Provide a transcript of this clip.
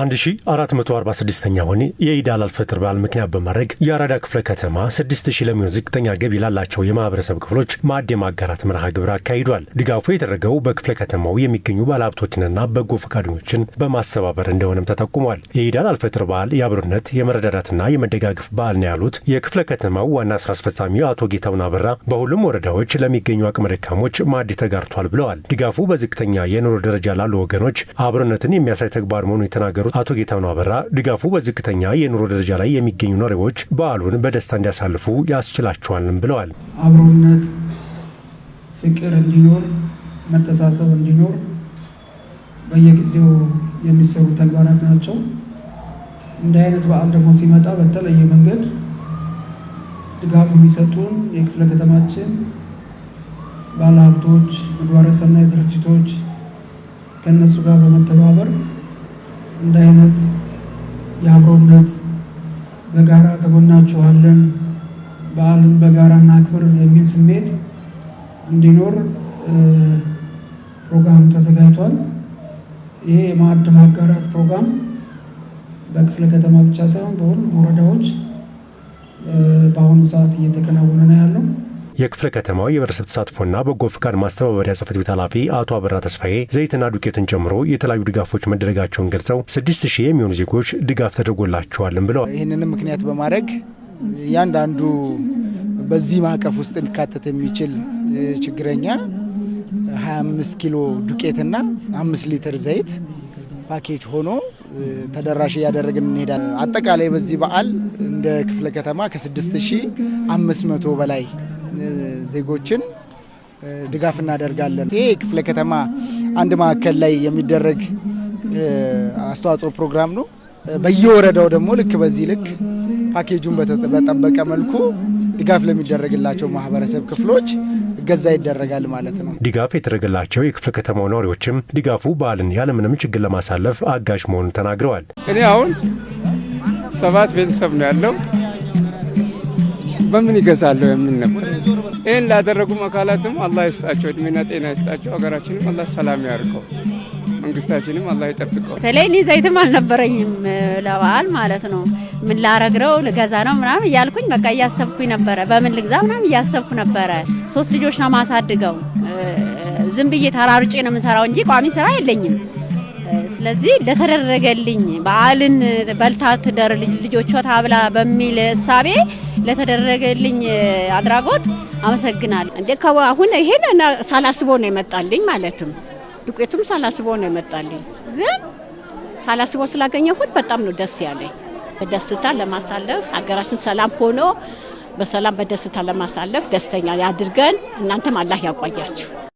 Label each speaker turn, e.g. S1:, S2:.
S1: አንድ ስድስተኛ ኛውን የኢድ አል ፈጥር በዓል ምክንያት በማድረግ የአራዳ ክፍለ ከተማ ሺ ለሚሆን ዝቅተኛ ገቢ ላላቸው የማህበረሰብ ክፍሎች ማዕድ ማጋራት መርሃ ግብር አካሂዷል። ድጋፉ የተደረገው በክፍለ ከተማው የሚገኙ ባለሀብቶችንና በጎ ፈቃደኞችን በማስተባበር እንደሆነም ተጠቁሟል። የኢድ አል ፈጥር በዓል የአብሮነት የመረዳዳትና የመደጋገፍ በዓል ነው ያሉት የክፍለ ከተማው ዋና ስራ አስፈጻሚው አቶ ጌታውን አበራ በሁሉም ወረዳዎች ለሚገኙ አቅመ ደካሞች ማዕድ ተጋርቷል ብለዋል። ድጋፉ በዝቅተኛ የኑሮ ደረጃ ላሉ ወገኖች አብሮነትን የሚያሳይ ተግባር መሆኑን የተናገሩት አቶ ጌታሁን አበራ ድጋፉ በዝቅተኛ የኑሮ ደረጃ ላይ የሚገኙ ነዋሪዎች በዓሉን በደስታ እንዲያሳልፉ ያስችላቸዋልም ብለዋል።
S2: አብሮነት ፍቅር እንዲኖር መተሳሰብ እንዲኖር በየጊዜው የሚሰሩ ተግባራት ናቸው። እንዲህ አይነት በዓል ደግሞ ሲመጣ በተለየ መንገድ ድጋፍ የሚሰጡን የክፍለ ከተማችን ባለሀብቶች፣ ምግባረ ሰናይ ድርጅቶች ከእነሱ ጋር በመተባበር እንደ አይነት የአብሮነት በጋራ ከጎናችኋለን፣ በዓልን በጋራ እናክብር የሚል ስሜት እንዲኖር ፕሮግራም ተዘጋጅቷል። ይሄ የማዕድ ማጋራት ፕሮግራም በክፍለ ከተማ ብቻ ሳይሆን በሁሉም ወረዳዎች በአሁኑ ሰዓት እየተከናወነ ነው ያለው።
S1: የክፍለ ከተማው የህብረተሰብ ተሳትፎና በጎ ፍቃድ ማስተባበሪያ ጽህፈት ቤት ኃላፊ አቶ አበራ ተስፋዬ ዘይትና ዱቄትን ጨምሮ የተለያዩ ድጋፎች መደረጋቸውን ገልጸው ስድስት ሺህ የሚሆኑ ዜጎች ድጋፍ ተደርጎላቸዋልም ብለዋል።
S3: ይህንንም ምክንያት በማድረግ እያንዳንዱ በዚህ ማዕቀፍ ውስጥ ሊካተት የሚችል ችግረኛ 25 ኪሎ ዱቄትና 5 ሊትር ዘይት ፓኬጅ ሆኖ ተደራሽ እያደረግን እንሄዳለን። አጠቃላይ በዚህ በዓል እንደ ክፍለ ከተማ ከ6500 በላይ ዜጎችን ድጋፍ እናደርጋለን። ይሄ ክፍለ ከተማ አንድ ማዕከል ላይ የሚደረግ አስተዋጽኦ ፕሮግራም ነው። በየወረዳው ደግሞ ልክ በዚህ ልክ ፓኬጁን በጠበቀ መልኩ ድጋፍ ለሚደረግላቸው ማህበረሰብ ክፍሎች እገዛ ይደረጋል ማለት ነው።
S1: ድጋፍ የተደረገላቸው የክፍለ ከተማው ነዋሪዎችም ድጋፉ በዓልን ያለምንም ችግር ለማሳለፍ አጋዥ መሆኑን ተናግረዋል።
S4: እኔ አሁን ሰባት ቤተሰብ ነው ያለው በምን ይገዛለሁ የምን ነበር ይህን ላደረጉም አካላት ደግሞ አላህ ይስጣቸው፣ እድሜና ጤና ይስጣቸው። ሀገራችንም አላህ ሰላም ያርገው፣ መንግስታችንም አላህ ይጠብቀው።
S5: በተለይ እኔ ዘይትም አልነበረኝም ለበዓል ማለት ነው። ምን ላረግረው ልገዛ ነው ምናምን እያልኩኝ በቃ እያሰብኩኝ ነበረ፣ በምን ልግዛ ምናምን እያሰብኩ ነበረ። ሶስት ልጆች ነው ማሳድገው። ዝም ብዬ ተራርጬ ነው የምሰራው እንጂ ቋሚ ስራ የለኝም። ስለዚህ ለተደረገልኝ በዓልን በልታ ትደር ልጆቿ ታብላ በሚል እሳቤ ለተደረገልኝ አድራጎት አመሰግናለሁ።
S6: እንደ አሁን ይሄን ሳላስቦ ነው የመጣልኝ፣ ማለትም ዱቄቱም ሳላስቦ ነው የመጣልኝ። ግን ሳላስቦ ስላገኘሁት በጣም ነው ደስ ያለኝ። በደስታ ለማሳለፍ ሀገራችን ሰላም ሆኖ በሰላም በደስታ ለማሳለፍ ደስተኛ ያድርገን። እናንተም አላህ ያቆያችሁ።